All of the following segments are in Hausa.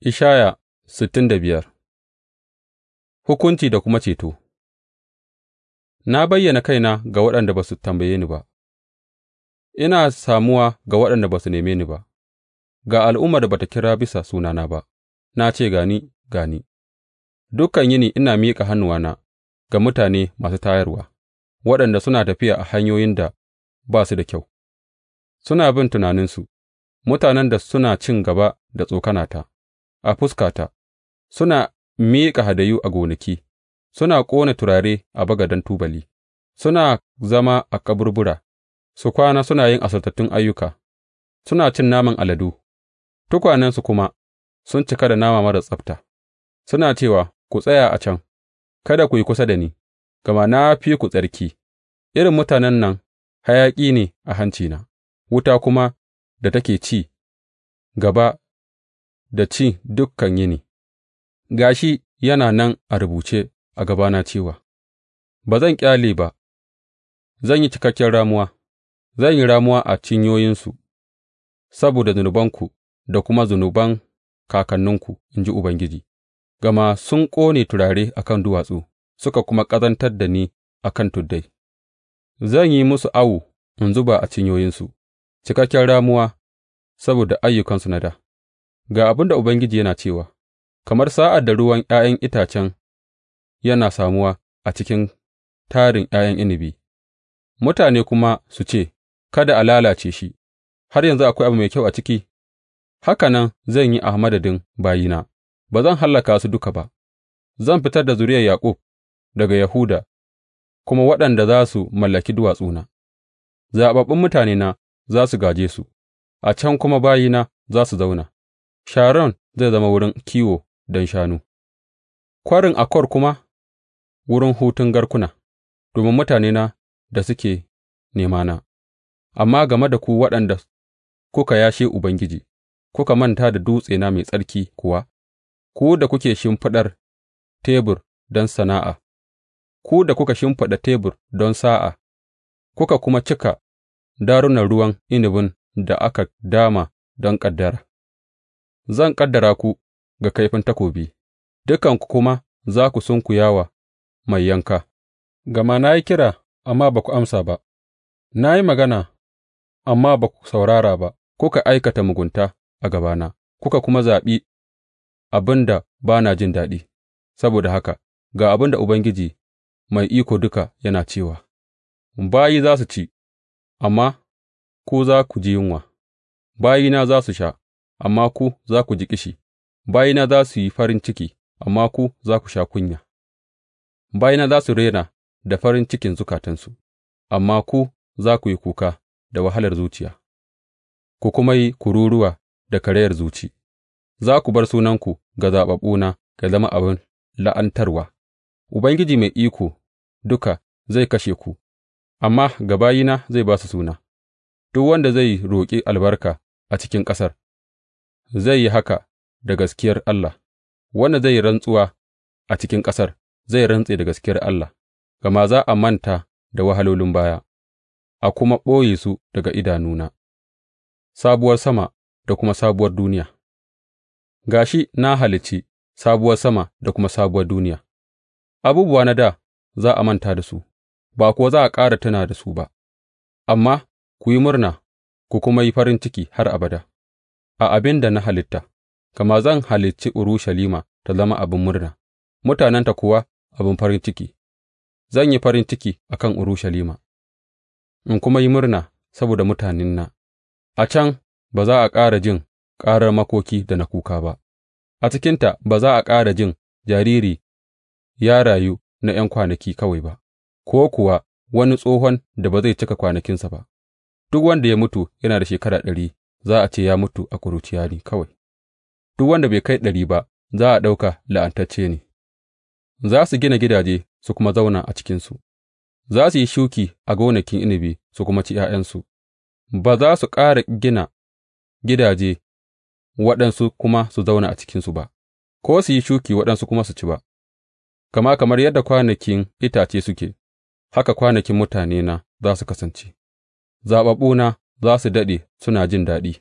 Ishaya sittin da biyar Hukunci da kuma ceto Na bayyana kaina ga waɗanda ba su tambaye ni ba, ina samuwa ga waɗanda ba su neme ni ba, ga al'ummar da ba ta kira bisa sunana ba, na ce, gani, gani. Dukkan dukan yini ina miƙa hannuwana ga mutane masu tayarwa, waɗanda suna tafiya a hanyoyin da ba su da kyau, suna bin tunaninsu, mutanen da suna cin gaba da tsokanata. a fuskata, suna miƙa hadayu a gonaki, suna ƙona turare a bagaden tubali, suna zama a kaburbura, su kwana suna yin asaltattun ayyuka, suna cin naman aladu, tukwanensu kuma sun cika da nama marar tsabta, suna cewa, Ku tsaya a can, kada ku yi kusa da ni, gama na fi ku tsarki, irin mutanen nan hayaƙi ne a hancina, wuta kuma da take ci gaba da ci dukkan yini, ga shi yana nan a rubuce a gabana cewa, Ba zan ƙyale ba, zan yi cikakken ramuwa, zan yi ramuwa a cinyoyinsu saboda zunubanku da kuma zunuban kakanninku, in ji Ubangiji, gama sun ƙone turare a kan duwatsu suka kuma ƙazantar da ni a kan tuddai. Zan yi musu awo in zuba a cinyoyinsu, cikakken ramuwa saboda ayyukansu na da. Ga abin da Ubangiji yana cewa, Kamar sa'ad da ruwan ’ya'yan itacen yana samuwa a cikin tarin ’ya'yan inabi, mutane kuma su ce, Kada a lalace shi, har yanzu akwai abu mai kyau a ciki, haka nan zan yi a madadin bayina, ba zan hallaka su duka ba, zan fitar da zuriyar Yaƙub daga Yahuda, kuma waɗanda za su mallaki duwatsuna, zaɓaɓɓun mutanena za su gaje su, a can kuma bayina za su zauna. Sharon zai zama wurin kiwo don shanu, Kwarin Akor kuma wurin hutun garkuna domin mutanena da suke nemana; amma game da ku waɗanda kuka yashe Ubangiji kuka manta da dutsena mai tsarki kuwa, ku da kuke shimfiɗar tebur don sana'a, ku da kuka shimfiɗa tebur don sa'a kuka kuma cika darunan ruwan inabin da aka dama don ƙaddara. zan ƙaddara ku ga kaifin takobi, dukanku kuma za ku sunkuya wa mai yanka, gama na yi kira, amma ba ku amsa ba, na yi magana, amma ba ku saurara ba, kuka aikata mugunta a gabana, kuka kuma zaɓi abin da ba na jin daɗi, saboda haka ga abin da Ubangiji Mai Iko Duka yana cewa, Bayi za su ci, amma ku za ku ji yunwa, bayina za su sha, amma ku za ku ji ƙishi; bayina za su yi farin ciki, amma ku za ku sha kunya; bayina za su rera da farin cikin zukatansu, amma ku za ku yi kuka da wahalar zuciya ku kuma yi kururuwa da karayar zuci; za ku bar sunanku ga zaɓaɓɓuna ga zama abin la'antarwa, Ubangiji Mai Iko Duka zai kashe ku, amma ga bayina zai ba su suna, duk wanda zai roƙi albarka a cikin ƙasar. zai yi haka da gaskiyar Allah, wanda zai yi rantsuwa a cikin ƙasar zai rantse da gaskiyar Allah, gama za a manta da wahalolin baya, a kuma ɓoye su daga idanuna, sabuwar sama da kuma sabuwar duniya. Ga shi na halicci sabuwar sama da kuma sabuwar duniya, abubuwa na da za a manta da su, ba kuwa za a ƙara tuna da su ba, amma ku yi murna ku kuma yi farin ciki har abada. a abin da na halitta, gama zan halicci Urushalima ta zama abin murna, mutanenta kuwa abin farin ciki, zan yi farin ciki a kan Urushalima, in kuma yi murna saboda mutanen na a can ba za a ƙara jin ƙarar makoki da na kuka ba, a cikinta ba za a ƙara jin jariri ya rayu na ’yan kwanaki kawai ba, ko kuwa wani tsohon da ba zai cika kwanakinsa ba, duk wanda ya mutu yana da shekara ɗari za a ce ya mutu a ƙuruciya ne kawai, duk wanda bai kai ɗari ba za a ɗauka la'antacce ne, za su gina gidaje su kuma zauna a cikinsu, za su yi shuki a gonakin inabi su kuma ci ’ya'yansu, ba za su ƙara gina gidaje waɗansu kuma su zauna a cikinsu ba, ko su yi shuki waɗansu kuma su ci ba, kama kamar yadda kwanakin itace suke, haka kwanakin mutanena za su kasance, zaɓaɓɓuna za su daɗe suna jin daɗi,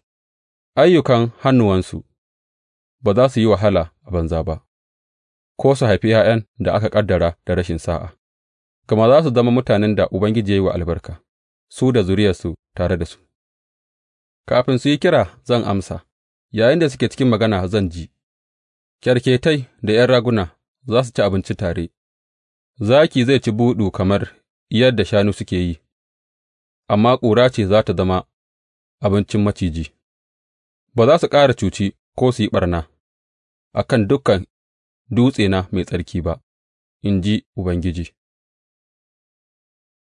ayyukan hannuwansu ba za su yi wahala a banza ba, ko su haifi ’ya'yan da aka ƙaddara da rashin sa'a, gama za su zama mutanen da Ubangiji ya yi wa albarka, su da zuriyarsu tare da su. Kafin su yi kira zan amsa, yayin da suke cikin magana zan ji, kyarketai da ’yan raguna za su ci abinci tare, zaki zai ci buɗu kamar yadda shanu suke yi. amma ƙura ce za tă zama abincin maciji; ba za su ƙara cuci ko su yi ɓarna a kan dukan dutsena mai tsarki ba, in ji Ubangiji.